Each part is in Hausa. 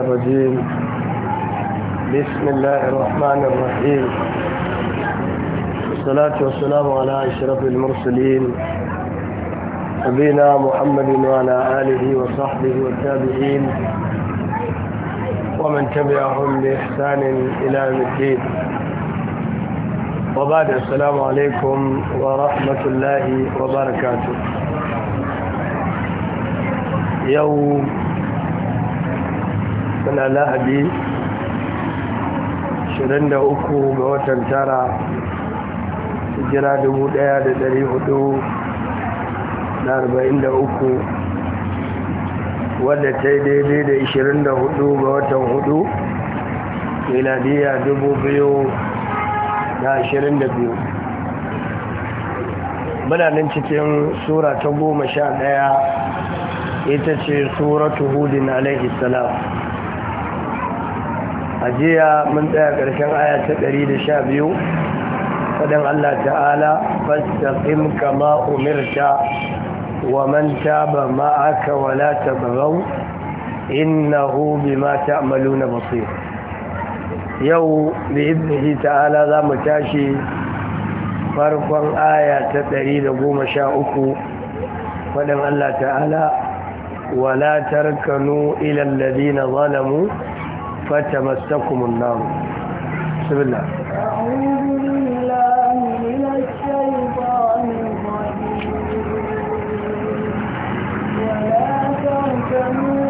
الرجيم بسم الله الرحمن الرحيم والصلاة والسلام على أشرف المرسلين نبينا محمد وعلى آله وصحبه والتابعين ومن تبعهم بإحسان إلى يوم الدين وبعد السلام عليكم ورحمة الله وبركاته يوم suna lahadi 23 ga watan tara jira 1443 wadda ta yi daidai da 24 ga watan 4 miladiya 2022 muna nan cikin sura ta goma sha ɗaya ita ce suratu hudin alaihi salam ajiya mun tsaya ƙarshen aya ta 112 faɗin Allah ta'ala fastaqim kama umirta wa man taba ma'aka wa la tabghaw innahu bima ta'maluna basir yau bi idnihi ta'ala za mu tashi farkon aya ta 113 faɗin Allah ta'ala ولا تركنوا إلى الذين ظلموا فتمسكم النار بسم الله Thank you.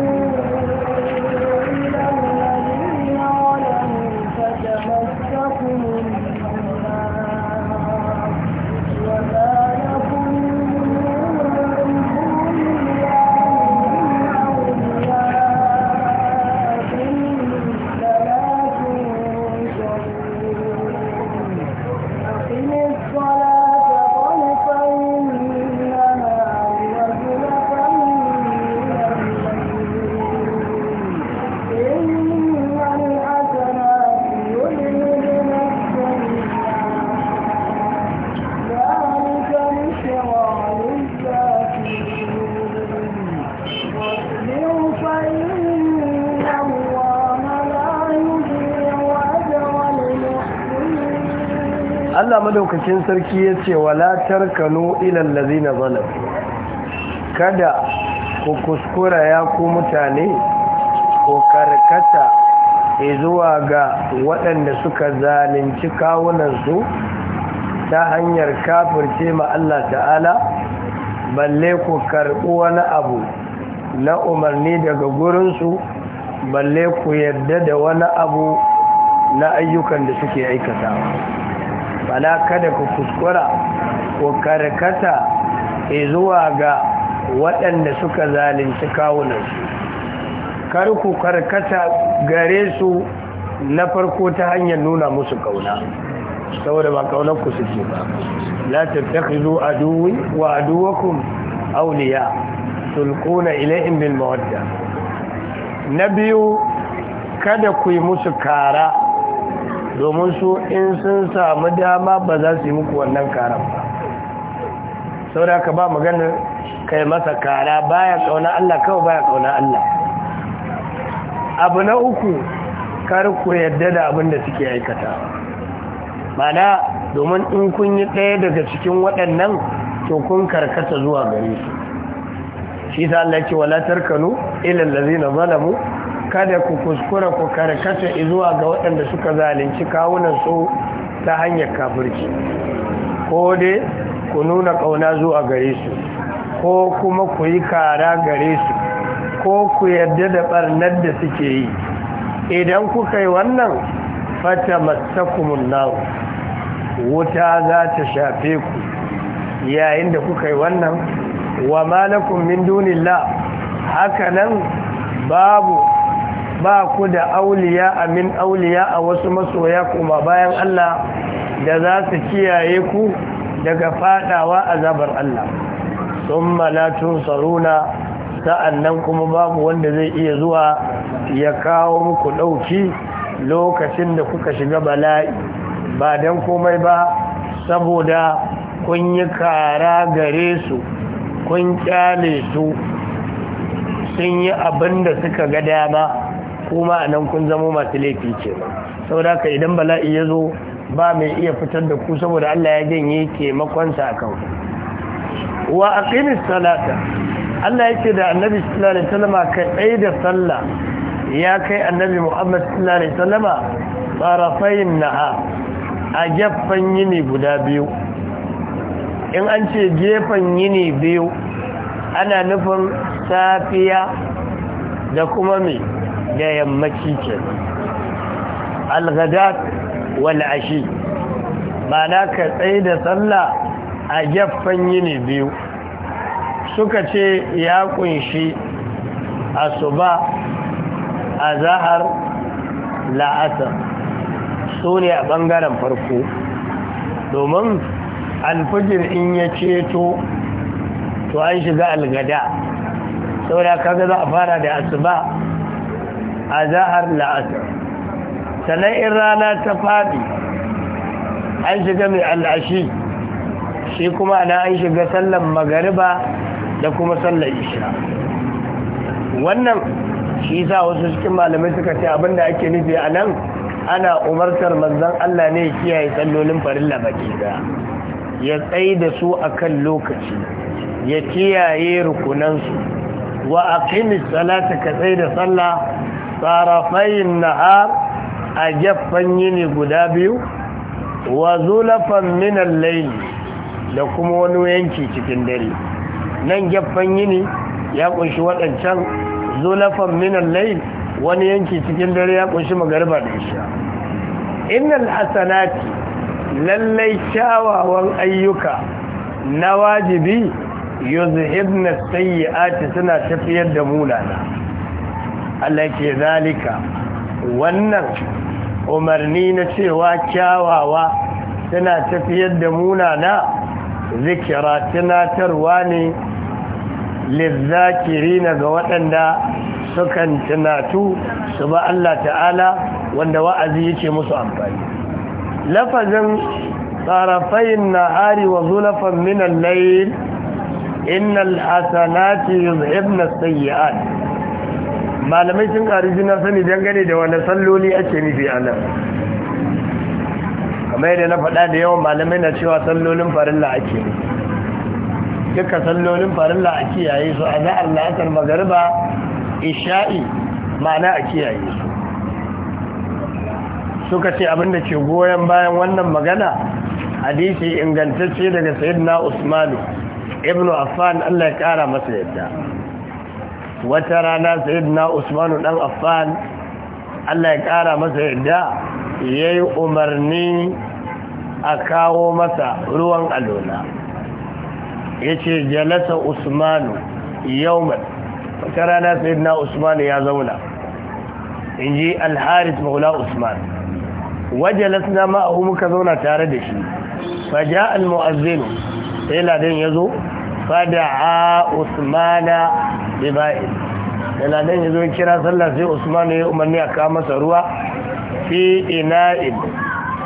madaukakin sarki ya ce wala tarkanu ilal lazina zalam kada ku kuskura ya ku mutane ku karkata zuwa ga waɗanda suka zalunci kawunansu ta hanyar kafirce ma Allah ta'ala balle ku karɓi wani abu na umarni daga gurinsu balle ku yarda da wani abu na ayyukan da suke aikatawa fala kada ku kuskura ku karkata zuwa ga waɗanda suka zalunci kawunansu kar ku karkata gare su na farko ta hanyar nuna musu kauna saboda ba kaunar ku suke ba la tattakhizu aduwwi wa aduwakum awliya tulquna ilayhim bil mawadda na biyu kada ku yi musu kara domin su in sun samu dama ba za su yi muku wannan karan ba saboda ka ba maganar kai masa kara baya kauna Allah kawai baya kauna Allah abu na uku kar ku yadda da abin da suke aikata mana domin in kun yi ɗaya daga cikin waɗannan to kun karkata zuwa gare su shi ta Allah ce wala tarkanu ila allazina zalamu kada ku kuskura ku karkata zuwa ga waɗanda suka zalunci kawunan su ta hanyar kafirci ko dai ku nuna ƙauna zuwa gare su ko kuma ku yi kara gare su ko ku yarda da ɓarnar da suke yi idan kuka yi wannan fata matakumun nawo wuta za ta shafe ku yayin da kuka yi wannan wa malakun min la, haka nan babu ba ku da auliya amin auliya a wasu masoya kuma bayan Allah da za su kiyaye ku daga fadawa azabar Allah sun malatun saruna sa'annan kuma babu wanda zai iya zuwa ya kawo muku ɗauki lokacin da kuka shiga bala'i ba don komai ba saboda kun yi kara gare su kun kyale su sun yi abin da suka ga dama kuma a nan kun zama masu laifi Sau saboda ka idan bala'i ya zo ba mai iya fitar da ku saboda Allah ya janye taimakonsa a kan wa aqimis salata Allah ya ce da annabi sallallahu alaihi ka tsaye da sallah ya kai annabi Muhammad sallallahu salama wasallam tarafayn naha a gefen yini guda biyu in an ce gefen yini biyu ana nufin safiya da kuma mai da yammaci ce algadat wal'ashi mana ka tsaye da sallah a jaffan yini biyu suka ce ya kunshi asuba a zahar la'asar su ne a ɓangaren farko domin alfijir in ya ceto to an shiga algada saboda kaga za a fara da asuba a zahar la'asar sannan in rana ta faɗi an shiga mai al'ashi shi kuma na an shiga sallan magariba da kuma sallan isha wannan shi sa wasu cikin malamai suka ce abinda ake nufi a nan ana umartar manzan Allah ne kiyaye sallolin farilla baki ga ya tsaye da su akan lokaci ya kiyaye rukunansu wa aqimis salata ka tsaye da sallah tarafayin nahar a gefen yini guda biyu wa zulafan minan laili da kuma wani yanki cikin dare nan gefen yini ya kunshi waɗancan zulafan minan laili wani yanki cikin dare ya kunshi magarba da isha innal hasanati lallai kyawawan ayyuka na wajibi yuzhibna sayyi'ati suna tafiyar da munana Allah zalika wannan umarni na cewa kyawawa tana tafiyar da munana zikira tunatarwa ne na ga waɗanda sukan tunatu su ba Allah ta'ala wanda wa'azi yake musu amfani lafazin tsarafayin nahari wa zulafan minan layin innal hasanati yuzhibna sayyi'at malamai sun ƙari juna sani dangane da wani salloli ake nufi a nan kamar yadda na faɗa da yawan malamai na cewa sallolin farilla ake ne duka sallolin farilla a kiyaye su a za'ar la'asar magariba isha'i ma'ana a kiyaye su suka ce abinda ke goyon bayan wannan magana hadisi ingantacce daga na usmanu ibnu affan Allah ya kara masa yadda wata rana sayyidina usmanu dan affan Allah ya kara masa yadda yayi umarni a kawo masa ruwan alola yace jalasa usmanu yawman wata rana sayyidina usmanu ya zauna inji al-harith maula usman wajalasna ma'ahu muka zauna tare da shi faja al-mu'azzin sai ladan yazo fada'a usmana bima'in yana nan ya kira sallah sai Usman ya umarni a kawo masa ruwa fi ina'in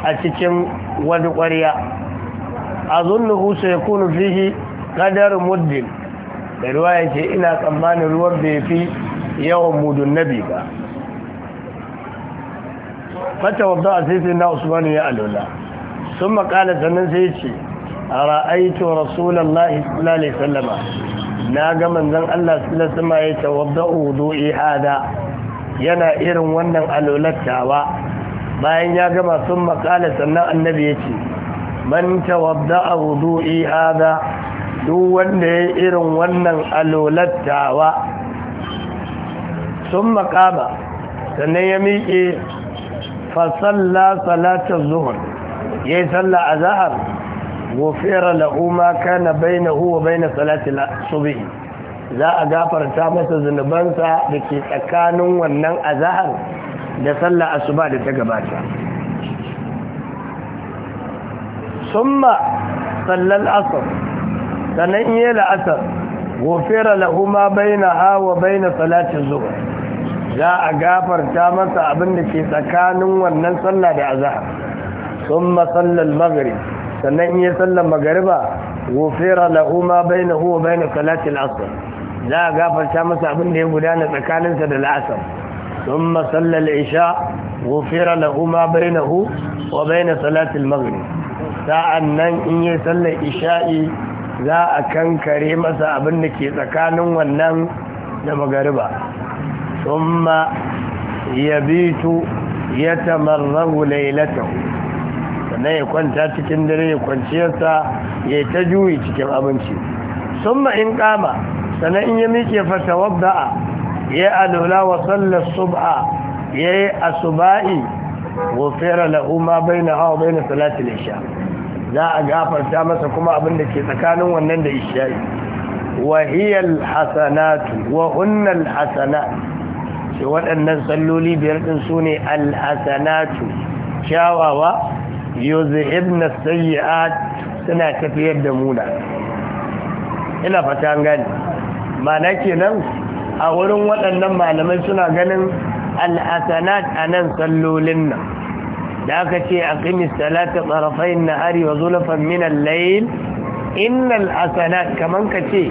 a cikin wani ƙwarya a zunnuhu sai kunu fihi kadar muddin da ruwa ya ce ina tsammanin ruwan bai fi yawan mudun nabi ba fata wadda a sai na usmanu ya alola sun makala sannan sai ce ara'aytu rasulullahi sallallahu alaihi wasallam na ga manzon Allah sallallahu alaihi wasallam ya tawadda'u wudu'i hada yana irin wannan alulattawa bayan ya gama sun makala sannan annabi yace man tawadda'a wudu'i hada duk wanda ya irin wannan alulattawa sun makama sannan ya miƙe fasalla salatar zuhur ya yi salla a zahar غفر له ما كان بينه وبين صلاة الصبح za a gafarta masa zunubansa da ke tsakanin wannan azahar da sallah asuba da ta gabata summa sallal asr sannan iya la'asar gofera lahuma baina hawa baina salatin zuwa za a gafarta masa abin da ke tsakanin wannan sallah da azahar summa sallal maghrib sannan in ya sallan magariba gufera lahu ma bainahu wa bai na salatin asr za a gafarta masa abin da ya gudana tsakaninsa da la'asar thumma salla al-isha gufera lahu ma bainahu wa bain salati al-maghrib sa'annan in ya sallan isha'i za a kankare masa abin da ke tsakanin wannan da magariba thumma yabitu ya yatamarrahu laylatahu sannan ya kwanta cikin dare ya kwanciyarsa ya ta juyi cikin abinci sun main kama sannan in ya mike fata wabda'a ya alola wa sallar sub'a ya yi asuba'i wofera la'uma bai na hawa bai na salatul isha za a gafarta masa kuma abin da ke tsakanin wannan da isha'i wahiyar hasanatu wa hunnan hasanatu waɗannan salloli biyar ɗin su ne kyawawa yuzhibna sayyi'at suna tafiyar da muna ina fata gani mana kenan a wurin waɗannan malamai suna ganin al'asanat a nan sallolin nan da aka ce a ƙimis talata tsarafayin na arewa wa zulafan minan innal asanat kamar ka ce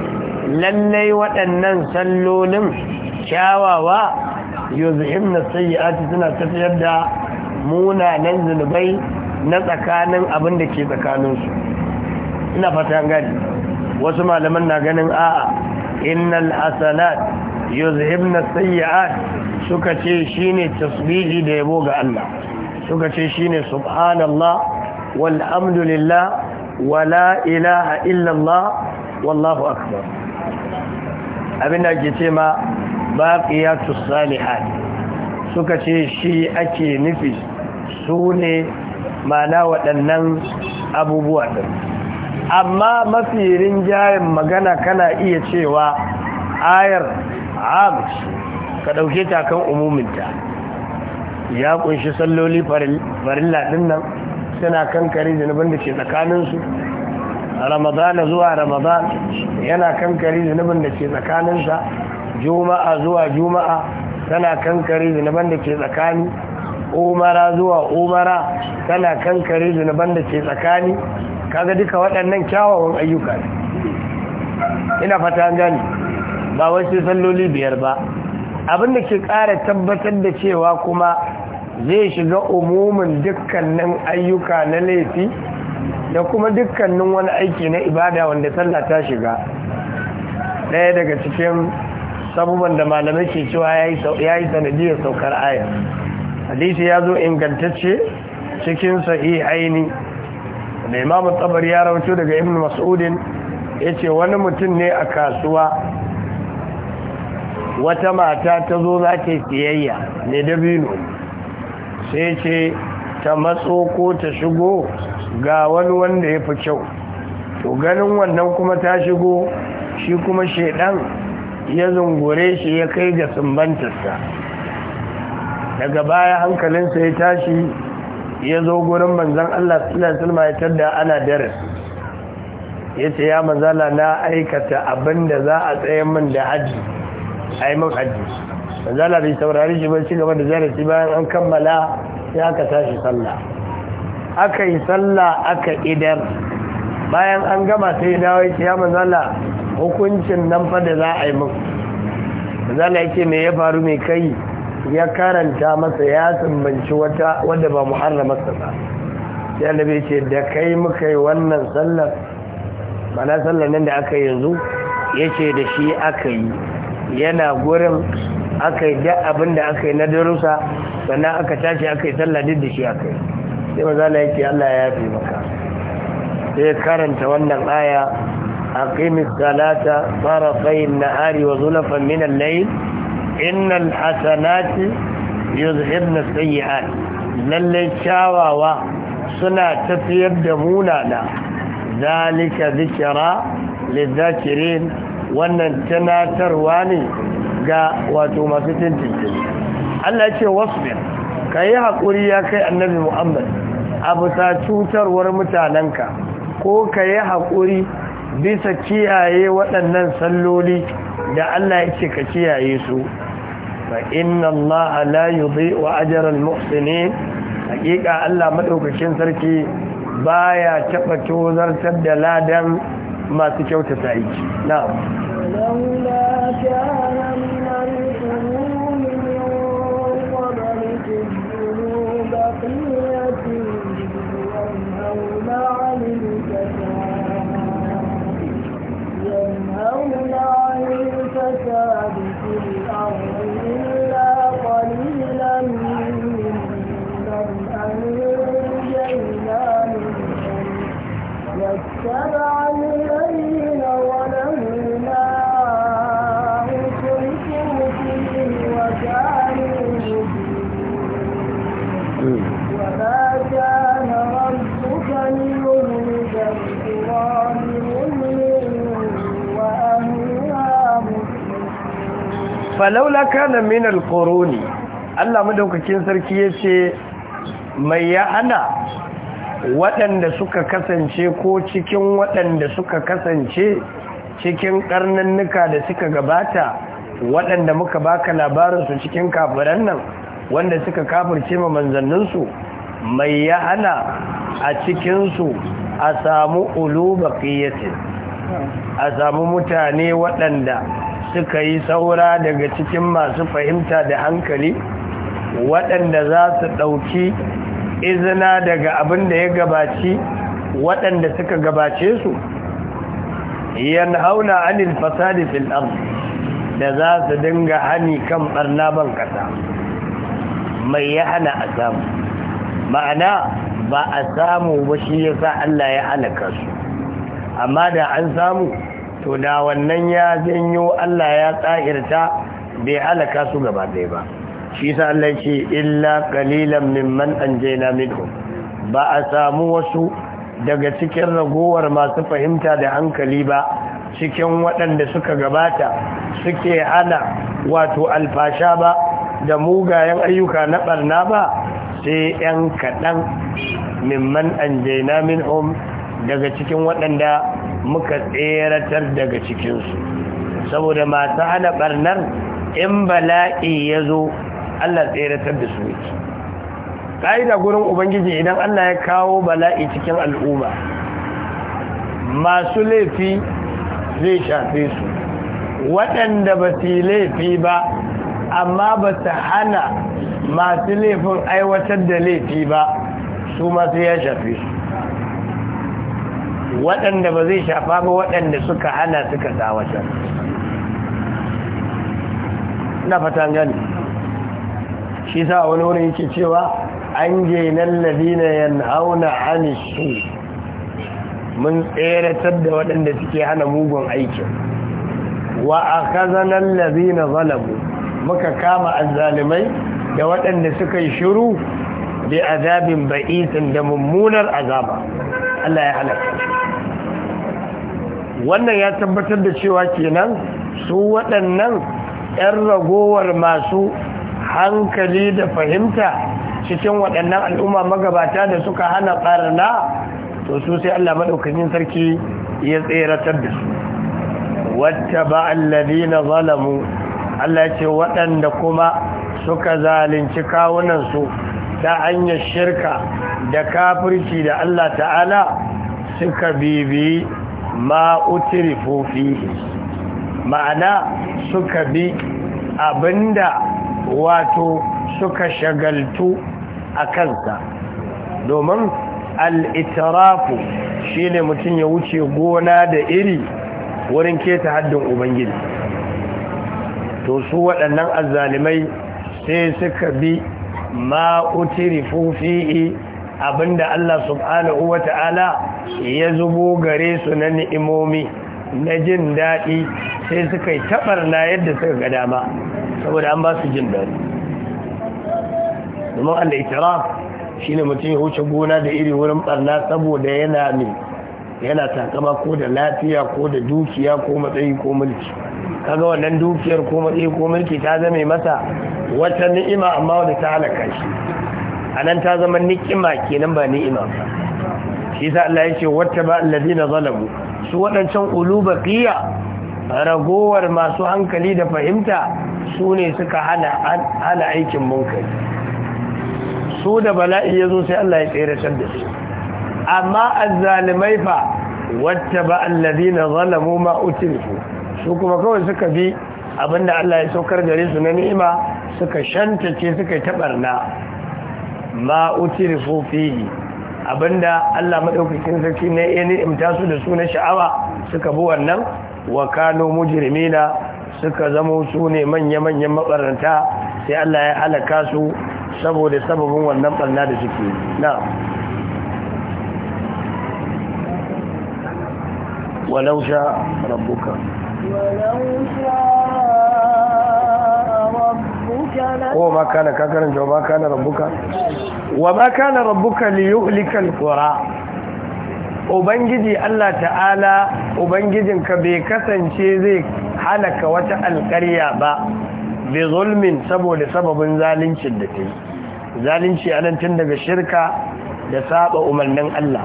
lallai waɗannan sallolin shawawa yuzhibna sayyi'at suna tafiyar da munanan zunubai na tsakanin abin da ke tsakaninsu ina fata gani wasu malaman na ganin a'a innal asanat yuzhibna sayyi'at suka ce shine tasbihi da yabo ga Allah suka ce shine subhanallah walhamdulillah wala ilaha illallah wallahu akbar abinda ke ce ma baqiyatus salihat suka ce shi ake nufi sune. mana waɗannan abubuwa ɗin amma mafi rinjayen magana kana iya cewa ayar amci ka ɗauke ta kan umuminta ya kunshi salloli farilla ɗin nan suna kankare zunubin da ke tsakaninsu ramadana zuwa ramadan yana kankare zunubin da ke tsakaninsa juma'a zuwa juma'a tana kankare zunubin da ke tsakani umara zuwa umara tana kankare zunuban da ke tsakani kaga duka waɗannan kyawawan ayyuka ina fata gani ba wasu salloli biyar ba Abin da ke ƙara tabbatar da cewa kuma zai shiga umumin dukkanin ayyuka na laifi da kuma dukkanin wani aiki na ibada wanda sallah ta shiga ɗaya daga cikin sabuban da malamai ke cewa ya yi sanadiyar saukar ayar hadisi ya zo ingantacce cikin sahihaini da imamu tsabar ya rawato daga ibn mas'udin ya ce wani mutum ne a kasuwa wata mata ta zo za ta siyayya ne dabino sai ce ta matso ko ta shigo ga wani wanda ya fi kyau to ganin wannan kuma ta shigo shi kuma shaidan ya zungure shi ya kai ga sumbantarsa daga baya hankalinsa ya tashi ya zo gurin manzan Allah sallallahu ya tada ana darasi ya ya manzala na aikata abin da za a tsaye min da hajji a yi min hajji manzala bai saurari shi ba shi gaba da darasi bayan an kammala ya aka tashi sallah aka yi sallah aka idar bayan an gama sai dawo yace ya manzala hukuncin nan fa da za a yi min manzala ya me ya faru me kai ya karanta masa ya tsambanci wata wadda ba muharramarsa ba sai annabi ce da kai muka yi wannan sallar mana sallar nan da aka yanzu ya ce da shi aka yi yana gurin aka yi da abin da aka yi na darussa sannan aka tashi aka yi sallar duk da shi aka yi sai mazala yake Allah ya yafe maka sai karanta wannan aya aqimis salata tarafai nahari wa zulafan min al-layl innal hasanati yuzhibna sayyi'at lalle kyawawa suna tafiyar da munana zalika zikira lizakirin wannan tunatarwa ne ga wato masu tintintin Allah ce wasbir ka yi haƙuri ya kai annabi Muhammad a ta cutarwar mutanenka ko ka yi haƙuri bisa kiyaye waɗannan salloli da Allah yace ka kiyaye su inna allaha la yudhi'u ajra al-muhsinin hakika Allah madaukakin sarki baya taba tozartar da ladan masu kyautata aiki falaula kana min koroni. Allah madaukakin sarki yace mai ya ana waɗanda suka kasance ko cikin waɗanda suka kasance cikin karnannuka da suka gabata waɗanda muka baka labarinsu cikin kafiran nan wanda suka kafirce ma manzanninsu mai ya ana a cikinsu a samu ulu baƙiyyacin a samu mutane waɗanda suka yi saura daga cikin masu fahimta da hankali waɗanda za su ɗauki izina daga abin da ya gabaci waɗanda suka gabace su yan hauna anil fasadi fil da za su dinga hani kan ɓarna ban ƙasa mai ya hana a samu ma'ana ba a samu ba shi ya sa Allah ya halaka su amma da an samu to da wannan ya janyo Allah ya tsahirta bai halaka su gaba ɗaya ba shi sa Allah ce illa qalilan mimman anjayna minhum ba a samu wasu daga cikin ragowar masu fahimta da hankali ba cikin waɗanda suka gabata suke hana wato alfasha ba da mugayen ayyuka na ɓarna ba sai 'yan kaɗan mimman anjayna min minhum daga cikin waɗanda muka tseratar daga cikinsu saboda masu hana barnar in bala'i ya zo Allah tseratar da su yake ƙa'ida gurin ubangiji idan Allah ya kawo bala'i cikin al'umma masu laifi zai shafe su waɗanda ba su laifi ba amma ba su hana masu laifin aiwatar da laifi ba su masu ya shafe su waɗanda ba zai shafa ba waɗanda suka hana suka tsawatar na fatan gani shi sa wani wurin yake cewa an genan labina yan hauna anishu mun tseratar da waɗanda suke hana mugun aikin wa a kazanan labina zalabu muka kama azalimai da waɗanda suka yi shiru da azabin ba'isin da mummunar azaba Allah ya halatta wannan ya tabbatar da cewa kenan su waɗannan 'yan ragowar masu hankali da fahimta cikin waɗannan al'umma magabata da suka hana ɓarna to su sai Allah maɗaukakin sarki ya tseratar da su wata ba allazi na zalamu Allah ce waɗanda kuma suka zalunci kawunansu ta hanyar shirka da kafirci da Allah ta'ala suka bibiyi ma utirifu fihi ma'ana suka bi abinda wato suka shagaltu a kansa domin al'itirafu shi ne mutum ya wuce gona da iri wurin keta haddin ubangiji to su waɗannan azalimai sai suka bi ma utirifu fihi abinda Allah subhanahu wa ta'ala ya zubo gare su na ni'imomi na jin daɗi sai suka yi na yadda suka ga dama saboda an ba su jin daɗi domin Allah shi ne mutum ya wuce gona da iri wurin ɓarna saboda yana ne yana takama ko da lafiya ko da dukiya ko matsayi ko mulki kaga wannan dukiyar ko matsayi ko mulki ta zame masa wata ni'ima amma wadda ta halaka shi A nan ta zama ni'ima kenan ba ni'ima ba shi yasa Allah yace wattaba allazina zalamu su wadancan ulubaqiya ragowar masu hankali da fahimta su ne suka hana hana aikin munkari su da bala'i yazo sai Allah ya tsere san da su amma azzalimai fa wattaba allazina zalamu ma utilfu su kuma kawai suka bi abinda Allah ya saukar gare su na ni'ima suka shantace suka tabarna ma utirifu fihi abinda Allah madaukakin sarki ne ya ni'imta su da sunan sha'awa suka bi wannan wa kanu mujrimina suka zama su ne manya-manyan sai Allah ya halaka su saboda sababin wannan barna da suke na ولو شاء wa ma kana ka karanta wa ma kana rabbuka wa ma kana rabbuka li ubangiji Allah ta'ala ubangijin ka bai kasance zai halaka wata alƙarya ba bi zulmin saboda sababin zalincin da ke zalunci anan tun daga shirka da saba umarnin Allah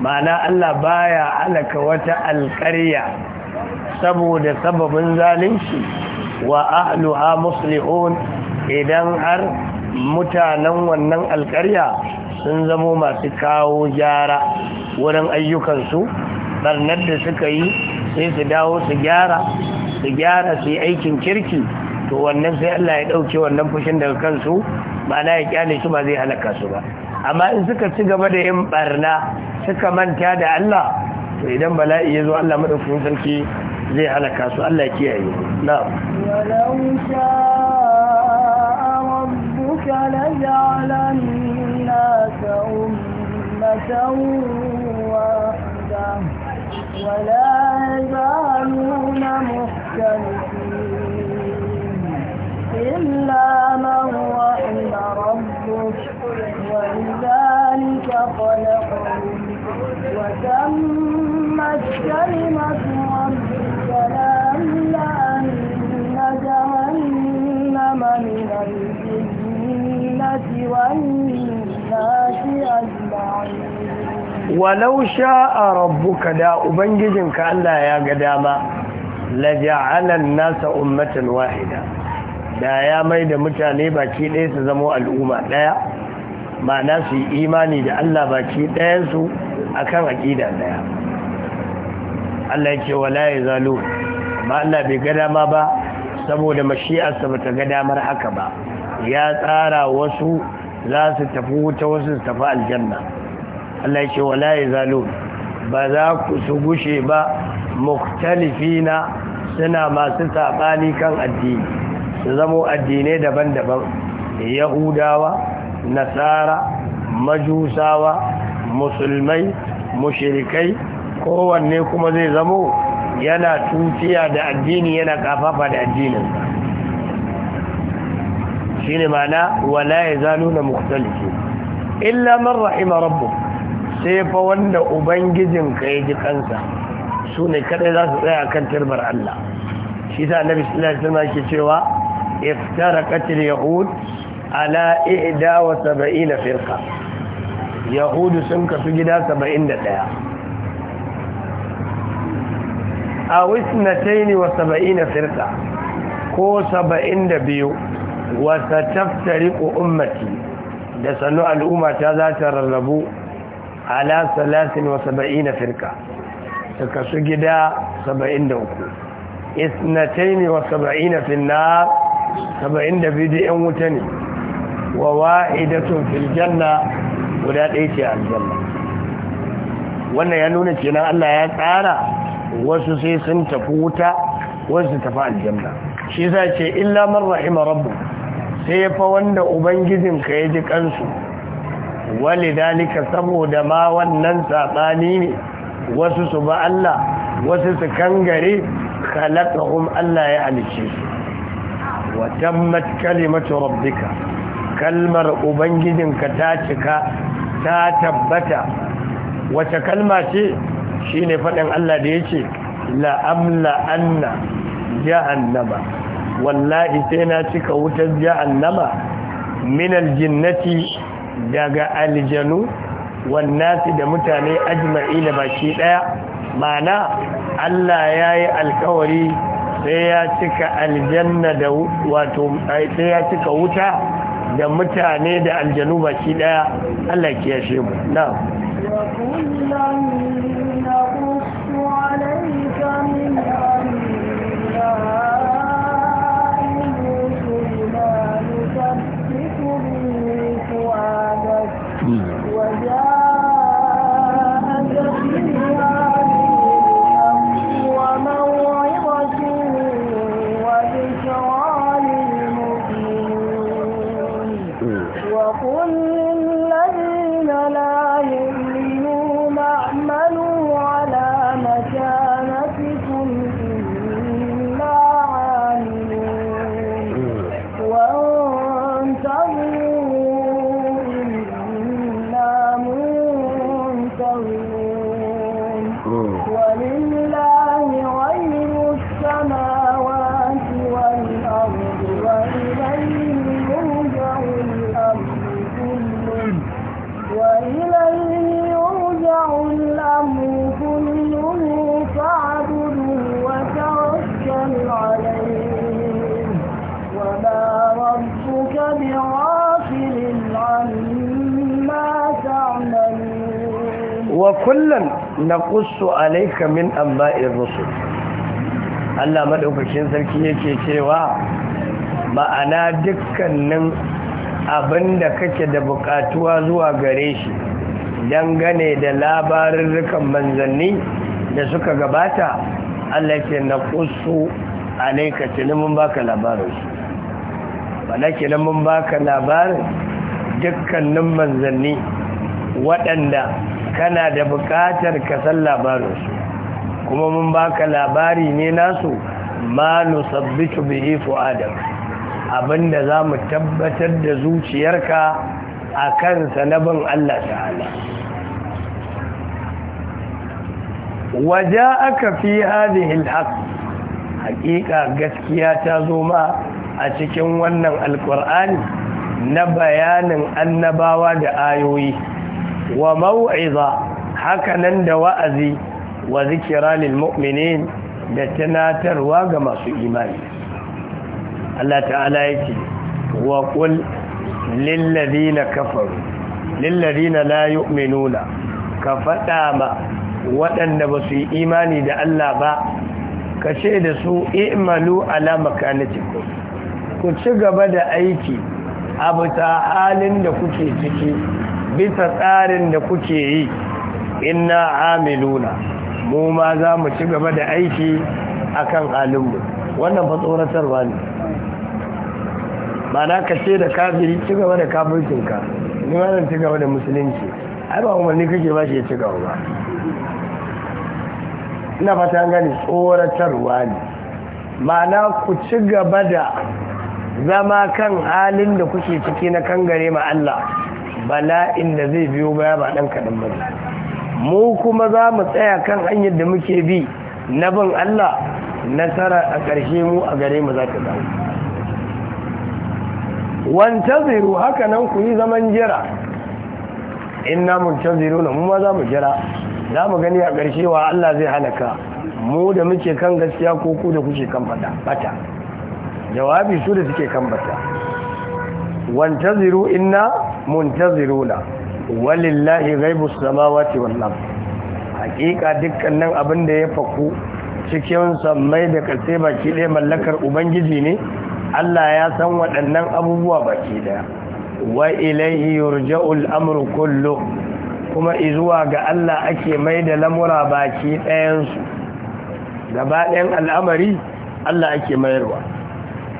ma'ana Allah baya halaka wata alƙarya saboda sababin zalunci wa ahluha muslihun idan har mutanen wannan alkarya sun zamo masu kawo gyara wurin ayyukansu barnar da suka yi sai su dawo su gyara su gyara su yi aikin kirki to wannan sai Allah ya ɗauke wannan fushin daga kansu ba na ya kyale su ba zai halaka su ba amma in suka ci gaba da yin ɓarna suka manta da Allah to idan bala'i ya zo Allah madaukakin sarki زي على كاسو الله يجيعي نعم ولو شاء ربك لجعل الناس أمة واحدة ولا يزالون مختلفين إلا من رحم ربك ولذلك خلقهم وتمت كلمة ربك Salam la Aminu na jihar da a Rabbu Ubangijin ka Allah ya ga dama lafiyar canan nasa ummata wahida, da ya mai da mutane baki ɗaya su zama al'umma ɗaya, mana su imani da Allah baki ɗayansu a kan haƙi da ɗaya. Allah ya ce wala ya zalu amma Allah bai ga dama ba saboda mashi'arsa bata ga damar haka ba ya tsara wasu za su tafi wuta wasu su tafi aljanna Allah ya wala ya zalu ba za ku su gushe ba muktalifina suna masu saɓani kan addini su zamo addinai daban-daban yahudawa nasara majusawa musulmai mushirikai kowanne kuma zai zamo yana tuciya da addini yana kafafa da addinin shi ne mana wala ya zanu na mukhtalifi illa man rahima rabbu sai fa wanda ubangijin ka ya ji kansa su ne kadai za su tsaya kan turbar Allah shi sa annabi sallallahu alaihi wasallam yake cewa iftaraqat al-yahud ala 71 firqa yahudu sun kafi gida 71 a wisnataini wa saba'ina firka ko saba'in da biyu wata taftariku ummati da sannu al'umma ta za ta rarrabu ala salasin wa saba'ina firka ta kasu gida saba'in da uku isnataini wa saba'ina finna saba'in da biyu da 'yan wuta ne wa wa'idatun filjanna guda ɗaya ce aljanna wannan ya nuna kenan Allah ya tsara wasu sai sun tafi wuta wasu tafi aljanna shi za ce illa man rahima rabbu sai fa wanda ubangijin ka ya ji kansu walidalika saboda ma wannan sabani ne wasu su ba Allah wasu su kangare khalaqahum Allah ya halice su wa tammat kalimatu rabbika kalmar ka ta cika ta tabbata wace kalma ce Shi ne faɗin Allah da ya ce amla anna jahannama wallahi sai na cika wutar jahannama min jinnati daga aljanu wannasi da mutane ba baki ɗaya, mana Allah ya yi alkawari sai ya cika aljanna da wato sai ya cika wuta da mutane da aljanu baki ɗaya. Allah ya yashe mu na'am وكلا نقص عليك من أرض ولله غير السماوات والأرض وإليه يرجع الأمر كله وإليه يرجع الأمر كله فاعبده وتوكل عليه وما ربك بغافل عما تعملون وكلا naqussu alayka min amba'ir rusul Allah madaukakin sarki yake cewa ma'ana dukkanin abinda kake da bukatuwa zuwa gare shi dangane da labarin labarurrukan manzanni da suka gabata Allah ke kusu alayka tilimin baka labarin su bana mun baka labarin dukkanin manzanni waɗanda kana da bukatar ka san labarinsu kuma mun baka labari ne nasu Manu, nusabbitu bihi fu'adak abinda zamu tabbatar da zuciyarka akan sanabin Allah ta'ala aka fi hadhihi alhaq haqiqa gaskiya ta zo ma a cikin wannan alqur'ani na bayanin annabawa da ayoyi wa mau'iza hakanan da wa'azi wa zikira lil da tunatarwa ga masu imani Allah ta'ala ya ce, wa qul lil ladina kafaru lil ladina la yu'minuna ka faɗa ma waɗanda ba su yi imani da Allah ba ka ce da su i'malu ala makanatikum ku ci gaba da aiki abu ta halin da kuke ciki bisa tsarin da kuke yi inna amiluna mu ma za mu ci gaba da aiki akan halinmu wannan fa tsoratarwa ne mana ka ce da kafiri ci gaba da kafircinka ni ma zan ci gaba da musulunci ai ba umarni kake ba shi ya ci gaba ba ina fata an gani tsoratarwa ne na ku ci gaba da zama kan halin da kuke ciki na kangare ma Allah bala'in da zai biyo baya ba ɗan kaɗan ba mu kuma za mu tsaya kan hanyar da muke bi na bin Allah nasara a ƙarshe mu a gare mu za ta dawo wancan ziru haka nan ku yi zaman jira in namun can ziru na mu ma za mu jira za mu gani a ƙarshe wa Allah zai halaka mu da muke kan gaskiya ko ku da kuke kan fata bata jawabi su da suke kan bata wancan ziru inna muntazirula walillahi ghaibu samawati wal ard hakika dukkanin abin da ya faku cikin mai da sai baki ɗaya mallakar ubangiji ne Allah ya san waɗannan abubuwa baki ɗaya wa ilaihi yurja'ul amru kullu kuma izuwa ga Allah ake mai da lamura baki ɗayansu gaba ɗayan al'amari Allah ake mayarwa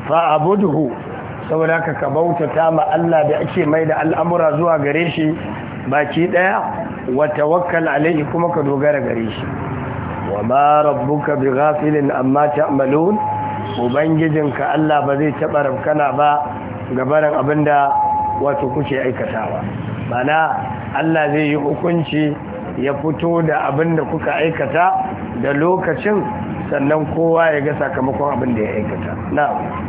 fa abuduhu saboda ka ka bautata ma Allah da ake mai da al'amura zuwa gare shi baki daya wa tawakkal alaihi kuma ka dogara gare shi wa ma rabbuka bi ghafilin amma ta'malun ubangijinka Allah ba zai taba rabkana ba gabaran abinda wato kuke aikatawa mana Allah zai yi hukunci ya fito da abinda kuka aikata da lokacin sannan kowa ya ga sakamakon abin da ya aikata na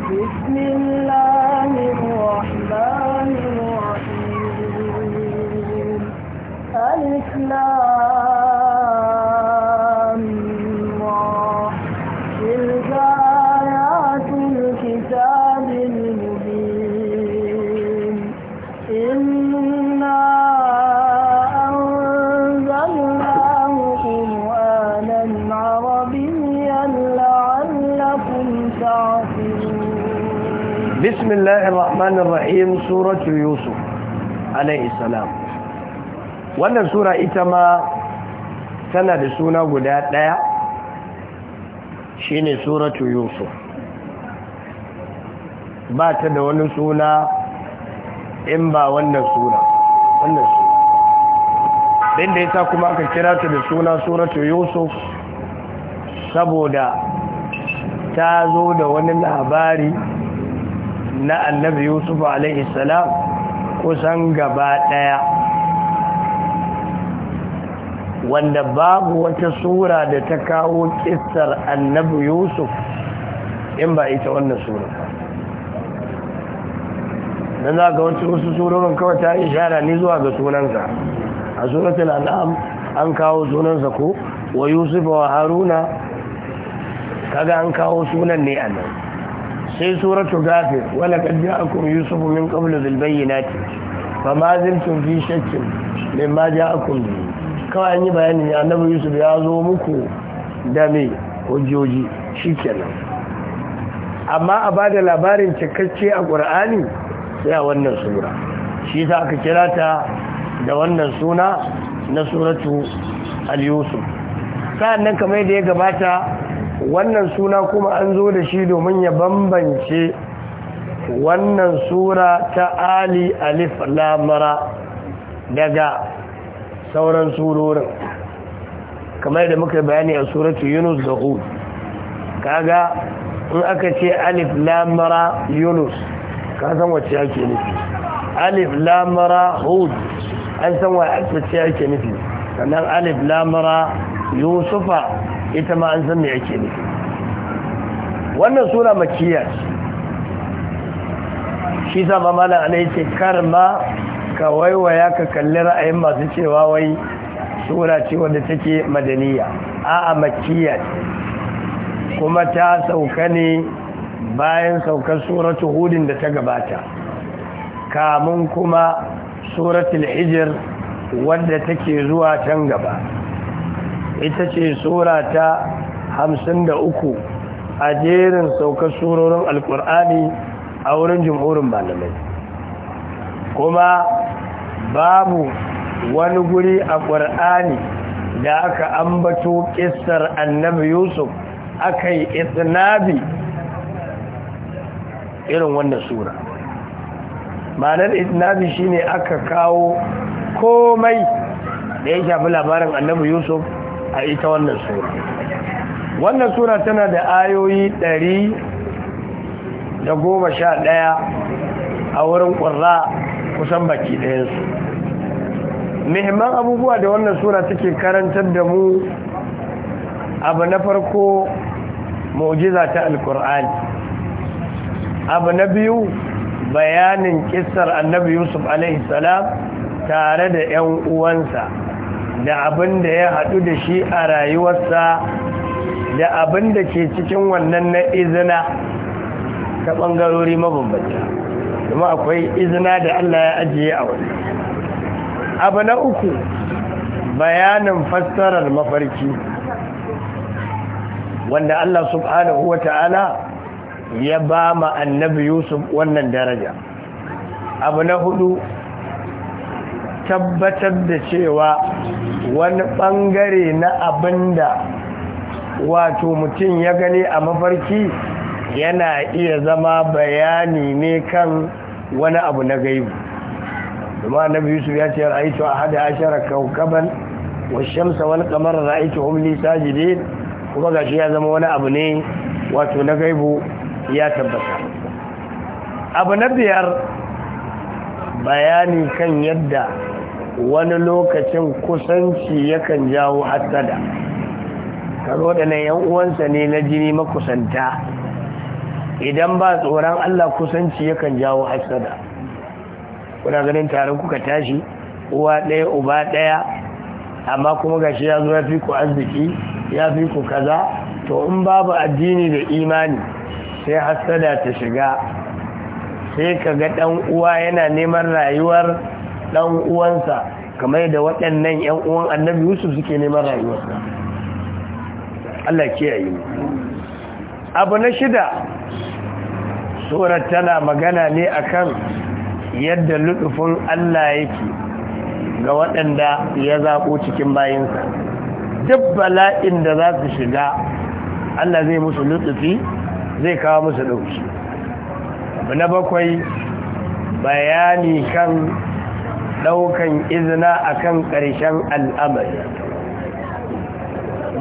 bismillahirrahmanirrahim alif lam بسم الله الرحمن الرحيم سورة يوسف عليه السلام wannan sura ita ma tana da suna guda ɗaya shine suratu yusuf ba ta da wani suna in ba wannan sura wannan sura din yasa kuma aka kira ta da suna suratu yusuf saboda ta zo da wani labari na annabi yusuf alaihissalam kusan gaba ɗaya wanda babu wata sura da ta kawo kistar annabi yusuf in ba ita wannan sura ba don ga wata wasu surorin kawai ta ishara ni zuwa ga sunansa a suratul al'am an kawo sunansa ko wa yusuf wa haruna kaga an kawo sunan ne a sai suratu gafe wala kad ja'akum yusuf min qablu bil Kama ma zaltum fi shakkin ma mimma ja'akum kawai an yi bayani ne annabi yusuf ya zo muku da me hujjoji shikenan amma a bada labarin cikakke a qur'ani sai a wannan sura shi za aka kira ta da wannan suna na suratu al-yusuf sa'annan kamar yadda ya gabata wannan suna kuma an zo da shi domin ya bambance wannan sura ta ali alif lamara daga sauran surorin kamar da muka bayani a suratu yunus da hud kaga in aka ce alif lamara yunus ka san wacce ake nufi alif lamara hud an san wacce ake nufi sannan alif lamara yusufa ita ma an san me yake ne wannan sura makiyya ce shi sa ba malam ana kar ma ka waiwaya ka kalli ra'ayin masu cewa wai sura ce wanda take madaniya a'a makiyya ce kuma ta sauka ne bayan saukar suratu hudin da ta gabata kamun kuma suratul hijir wadda take zuwa can gaba ita ce sura ta hamsin da uku a jerin saukar surorin alkur'ani a wurin jimhurin malamai kuma babu wani guri a ƙur'ani da aka ambato ƙistar annabi yusuf aka yi itinabi irin wannan sura ma'anar itinabi shine aka kawo komai da ya shafi labarin annabi yusuf a ita wannan sura wannan sura tana da ayoyi ɗari da goma sha ɗaya a wurin ƙurra kusan baki ɗayansu muhimman abubuwa da wannan sura take karantar da mu abu na farko mu'jiza ta alkur'ani abu na biyu bayanin kissar annabi yusuf alaihi salam tare da 'yan uwansa da abin da ya haɗu da shi a rayuwarsa da abin da ke cikin wannan na izina ta ɓangarori mabambanta kuma akwai izina da Allah ya ajiye a wani abu na uku bayanin fassarar mafarki wanda Allah subhanahu wa ta'ala ya ba ma annabi Yusuf wannan daraja abu na hudu tabbatar da cewa wani ɓangare na abin da wato mutum ya gani a mafarki yana iya zama bayani ne kan wani abu na gaibu kuma na biyu su ya ce ra'aitu a hada ashirar kaukaban washamsa wani kamar ra'aitu humli sajide kuma gashi ya zama wani abu ne wato na gaibu ya tabbata abu na biyar bayani kan yadda wani lokacin kusanci yakan jawo hasada karo da na yan uwansa ne na jini makusanta idan ba tsoron Allah kusanci yakan jawo hasada kuna ganin taron kuka tashi uwa ɗaya uba ɗaya amma kuma shi ya zo ya fi ku arziki ya fi ku kaza to in babu addini da imani sai hasada ta shiga sai ka ga ɗan uwa yana neman rayuwar dan uwansa kamar da waɗannan ƴan uwan annabi Yusuf suke neman rayuwarsa Allah kiyaye mu abu na shida surar tana magana ne akan yadda lutufin Allah yake ga waɗanda ya zaɓo cikin bayinsa duk bala'in da za su shiga Allah zai musu lutufi zai kawo musu ɗauki abu na bakwai bayani kan Daukan izina a kan ƙarshen al'amari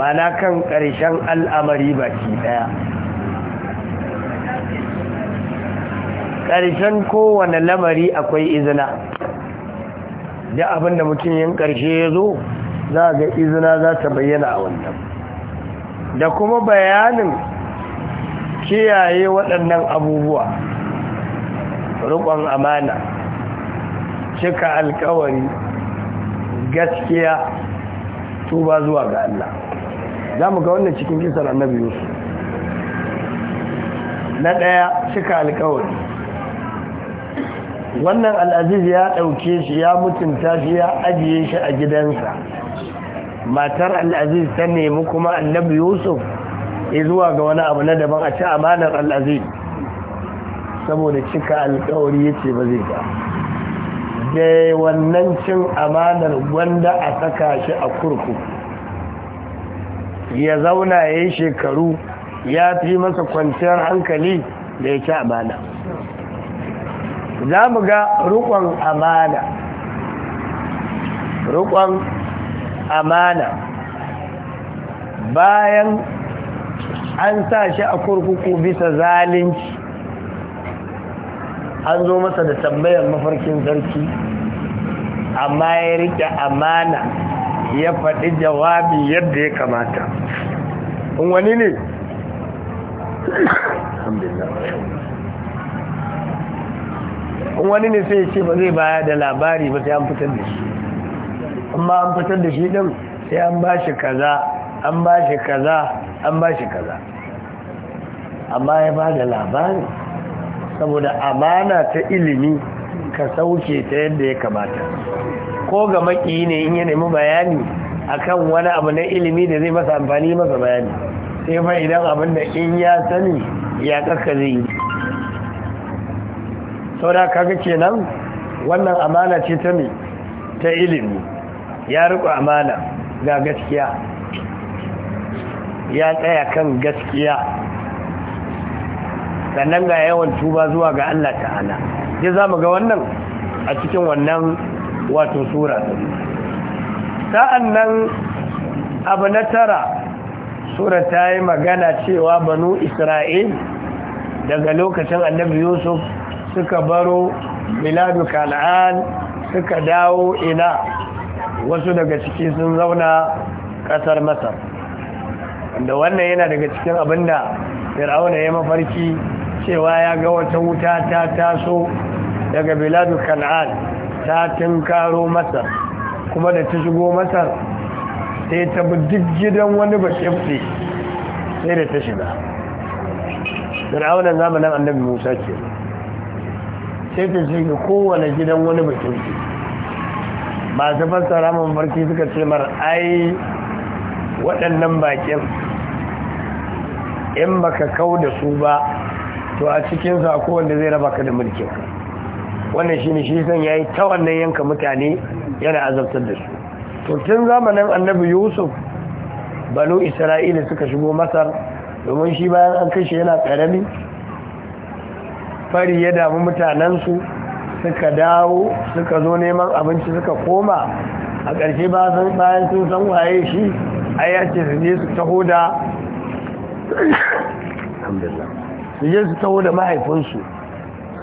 mana kan ƙarshen al'amari baki ɗaya ƙarshen kowane lamari akwai izina da abinda mutum yin ƙarshe ya zo za ga izina za ta bayyana a wannan da kuma bayanin kiyaye waɗannan abubuwa rukon amana cika alkawari gaskiya tuba zuwa ga Allah za mu ga wannan cikin kisar annabi yusuf na ɗaya cika alkawari wannan al'aziz ya ɗauke shi ya mutunta shi ya ajiye shi a gidansa matar al'aziz ta nemi kuma annabi yusuf ya zuwa ga wani abu na daban a ci amanar al'aziz saboda cika alkawari ya ce ba zai ba da wannan cin amanar gwanda a saka shi a kurku ya zauna ya yi shekaru ya fi masa kwanciyar hankali da ya ci amana za mu ga rukon amana rukon amana bayan an sa shi a kurkuku bisa zalunci an zo masa da tambayar mafarkin sarki amma ya rike amana ya faɗi jawabi yadda ya kamata in wani ne in wani ne sai ce ba zai baya da labari ba sai an fitar da shi amma an fitar da shi ɗin sai an ba shi kaza an ba shi kaza an ba shi kaza amma ya ba da labari saboda amana ta ilimi ka sauke ta yadda ya kamata ko ga maki ne in ya nemi bayani akan wani abu na ilimi da zai masa amfani masa bayani sai fa idan abin da in ya sani ya kaka zai yi saura kaga kenan wannan amana ce ta ne ta ilimi ya riko amana ga gaskiya ya tsaya kan gaskiya sannan ga yawan tuba zuwa ga Allah ta'ala dai za mu ga wannan a cikin wannan wato sura sa'an nan abu na tara sura ta yi magana cewa banu isra'il daga lokacin annabi yusuf suka baro miladu kal'an suka dawo ina wasu daga ciki sun zauna ƙasar masar wanda wannan yana daga cikin abinda fir'auna ya mafarki cewa ya ga wata wuta ta taso daga biladu kan'an ta tinkaro masar kuma da ta shigo masar sai ta bi duk gidan wani bashifte sai da ta shiga fir'aunan zamanin annabi musa ke sai ta shiga kowane gidan wani bashifte masu fassara mun farki suka ce mar ai waɗannan bakin in baka kau da su ba to a cikinsu a wanda zai raba ka da mulkin wannan shi ne shi san ya yi ta wannan yanka mutane yana azabtar da su to tun zamanin annabi yusuf banu isra'ila suka shigo masar domin shi bayan an kashe yana karami fari ya damu mutanensu suka dawo suka zo neman abinci suka koma a ƙarshe bayan sun san waye shi a ce su je su taho da su je su taho da mahaifinsu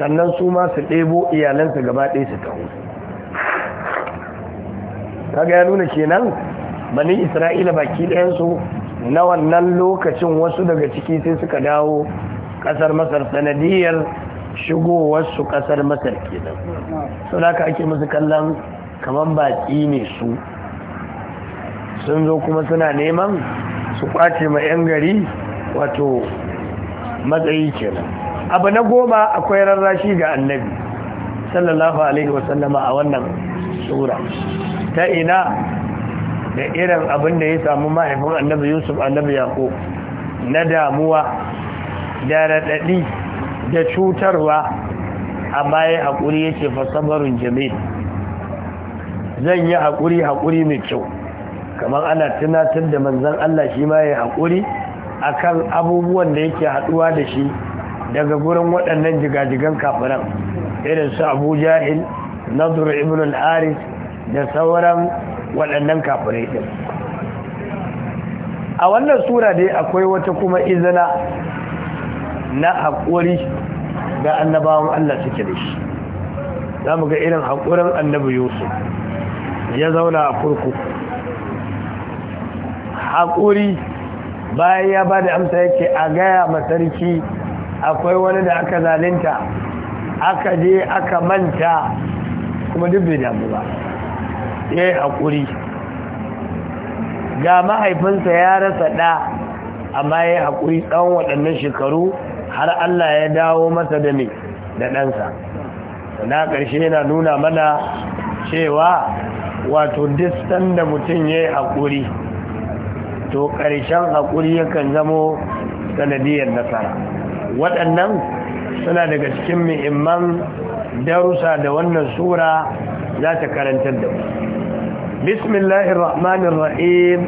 sannan su ma su ɗebo iyalansa gaba ɗaya su taho kaga ya nuna kenan bani isra'ila baki ɗayansu na wannan lokacin wasu daga ciki sai suka dawo ƙasar masar sanadiyar shigowarsu ƙasar masar kenan sau da ake musu kallon kamar baƙi ne su sun zo kuma suna neman su ƙwace ma 'yan gari wato matsayi kenan abu na goma akwai rarrashi ga annabi sallallahu alaihi wasallama a wannan sura ta ina da irin abin da ya samu mahaifin annabi yusuf annabi yaƙo na damuwa da raɗaɗi da cutarwa a baya haƙuri ya ce fasabarun jami'in zan yi haƙuri haƙuri mai kyau kamar ana tunatar da manzan Allah shi ma ya haƙuri a kan abubuwan da yake haɗuwa da shi daga gurin waɗannan jigajigan kafiran irin su abu jahil nadur ibn al-aris da sauran waɗannan kafirai ɗin a wannan sura dai akwai wata kuma izina na haƙuri ga annabawan Allah suke da shi za mu ga irin haƙurin annabi yusuf ya zauna a kurku haƙuri bayan ya ba da amsa yake a gaya masarki akwai wani da aka zalinta aka je aka manta kuma duk bai damu ba ya yi haƙuri ga mahaifinsa ya rasa ɗa amma ya yi haƙuri ɗan waɗannan shekaru har Allah ya dawo masa da mai da ɗansa na ƙarshe yana nuna mana cewa wato distan da mutum ya yi haƙuri to ƙarshen haƙuri yakan zamo sanadiyar nasara waɗannan suna daga cikin mu'imman darussa da wannan sura za ta karantar da mu bismillahir rahmanir rahim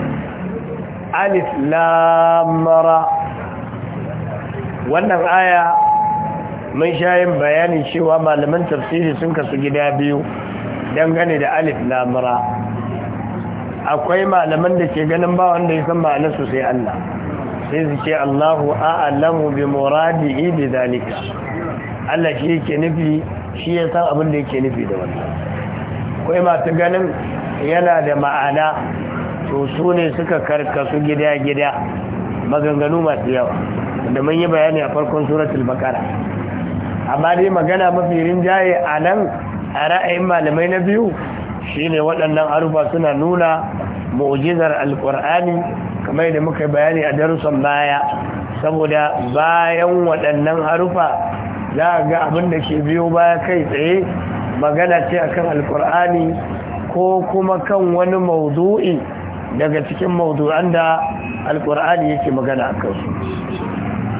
alif lam ra wannan aya mun shayin bayanin cewa malaman tafsiri sun kasu gida biyu dangane da alif lam ra akwai malaman da ke ganin ba wanda ya san ma'anarsu sai Allah sai ce Allahu a'lamu bi muradi bi zalika Allah shi yake nufi shi ya san abin da yake nufi da wannan kai masu ganin yana da ma'ana to su ne suka karkasu gida-gida maganganu masu yawa da mun yi bayani a farkon suratul baqara amma dai magana mafi rinjaye a nan a ra'ayin malamai na biyu shine waɗannan aruba suna nuna mu'jizar alƙur'ani kamar da muka bayani a darussan baya saboda bayan waɗannan harufa za a ga abin da ke biyo baya kai tsaye magana ce akan alkur'ani ko kuma kan wani maudu'i daga cikin maudu'an da alkur'ani yake magana a kansu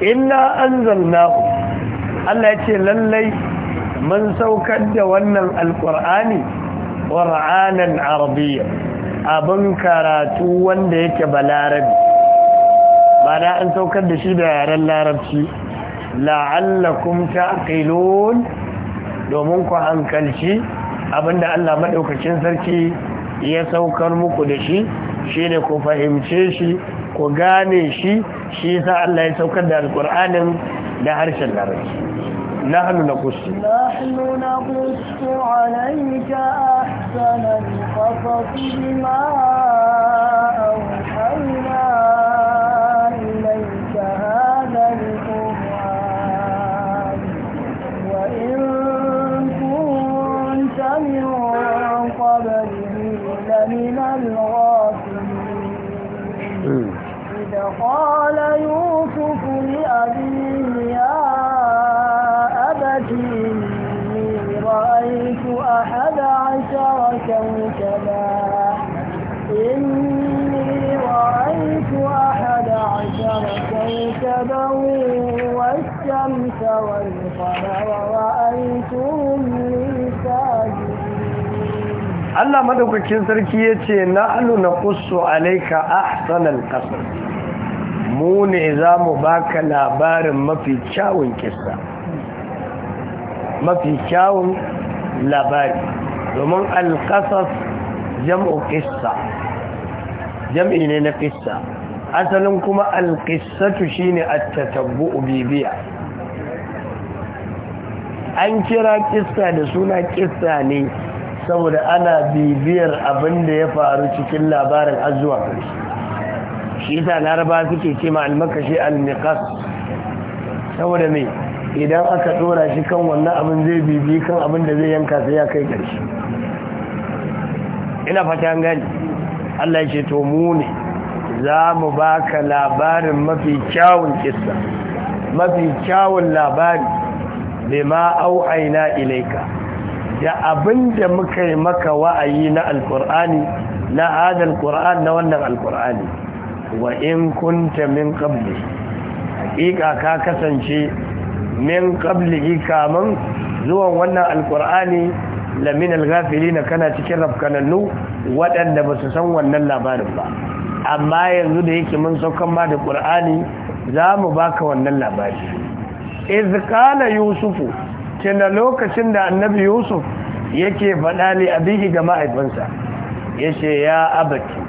inna an Allah ya ce lallai mun saukar da wannan alkur'ani wa ra'anan arabiyya abin karatu wanda yake balarabi mana an saukar da shi da yaren larabci la'allakum ta'qilun domin ku hankalci abinda Allah maɗaukacin sarki ya saukar muku da shi shine ku fahimce shi ku gane shi shi yasa Allah ya saukar da alqur'anin da harshen larabci نحن نقص نحن نقص عليك أحسن القصص بما أوحينا إليك هذا القرآن وإن كنت من قبله لمن الغافلين إذ قال يوسف لأبيه أحد عشر كوكبا إني رأيت أحد عشر كوكبا والشمس والقمر رأيتهم Allah madaukakin sarki yace nahnu naqussu alayka ahsanal qasas mu ne zamu baka labarin mafi kyawun kissa mafi kyawun labari domin alkasas jam'u ƙissa jam'i ne na ƙissa asalin kuma alƙissatu shi ne a bibiya an kira ƙissa da suna ƙissa ne saboda ana bibiyar abin da ya faru cikin labarin azuwa shi ta laraba suke ce ma almakashi almikas saboda mai idan aka tsora shi kan wannan abin zai bibi kan abin da zai yanka sai ya kai ƙarshe ina fata gani Allah ce to mu ne za mu baka labarin mafi kyawun kissa mafi kyawun labari bai ma au aina ilaika da abin da muka yi maka wa'ayi na alkur'ani na hadal qur'an na wannan alkur'ani wa in kunta min qabli hakika ka kasance min qablihi kaman zuwan wannan alqur'ani lamin na kana cikin rafkanannu waɗanda ba su san wannan labarin ba amma yanzu da yake mun saukan ma da qur'ani za mu baka wannan labari iz yusufu tana lokacin da annabi yusuf yake faɗa ne abihi ga mahaifinsa yace ya abaki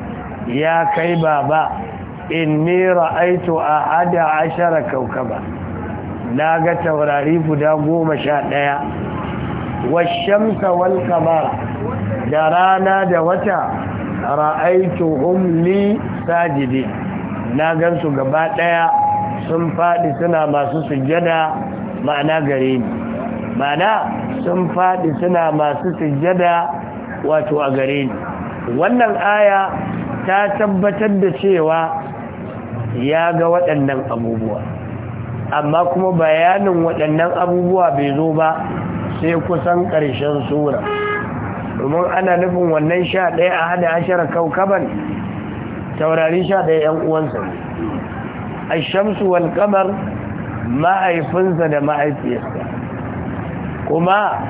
ya kai baba inni ra'aitu ahada ashara kaukaba na ga taurari guda goma sha ɗaya washamsa wal kamar da rana da wata ra'aituhum li sajidi na gansu gaba ɗaya sun faɗi suna masu sujjada ma'ana gare ni ma'ana sun faɗi suna masu sujjada wato a gare ni wannan aya ta tabbatar da cewa ya ga waɗannan abubuwa amma kuma bayanin waɗannan abubuwa bai zo ba sai kusan ƙarshen sura domin ana nufin wannan sha ɗaya a hada ashirar kaukaban taurari sha ɗaya ‘yan uwansa a shamsu wal kamar ma'aifinsa da ma'aifiyarsa kuma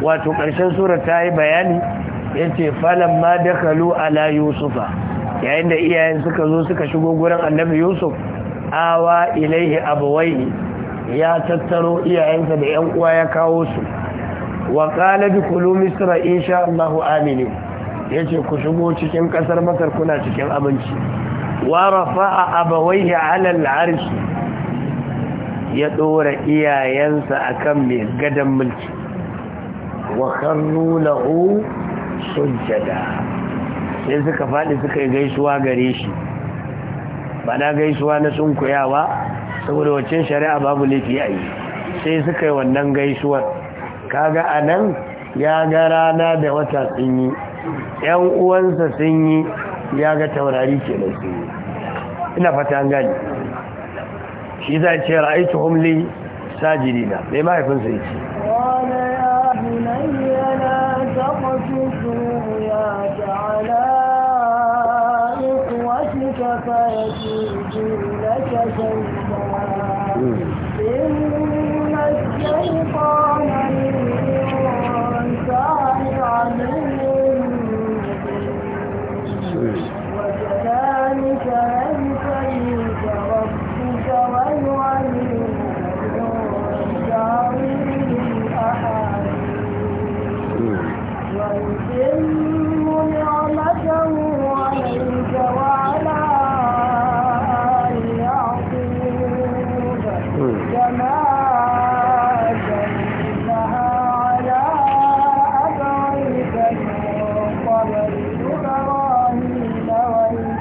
wato ƙarshen sura ta yi bayani ya ce falon ma dakalu ala yusufa yayin da iyayen suka zo suka shigo gurin annabi yusuf awa ilaihi abawaihi ya tattaro iyayensa da yan uwa ya kawo su wa qala bi kulu misra insha Allahu amini yace ku shigo cikin kasar masar kuna cikin abinci wa rafa'a abawaihi ala al-arsh ya dora iyayensa akan mai gadan mulki wa kharru lahu sujada sai suka fadi suka yi gaisuwa gare shi ba na gaisuwa na sunkuyawa saboda waccan shari'a babu laifi a yi sai suka yi wannan gaisuwar kaga a nan ya ga rana da wata sun yi ‘yan uwansa sun yi ya ga taurari ke da sun yi ina fata an gani shi za a ce ra'aitu humli sajidina mai mahaifinsa ce فيجيب لك شيطان إن الشيطان للإنسان عدو وكذلك ينسيك ربك ويعلمك من تعويل الأحاديث ويتم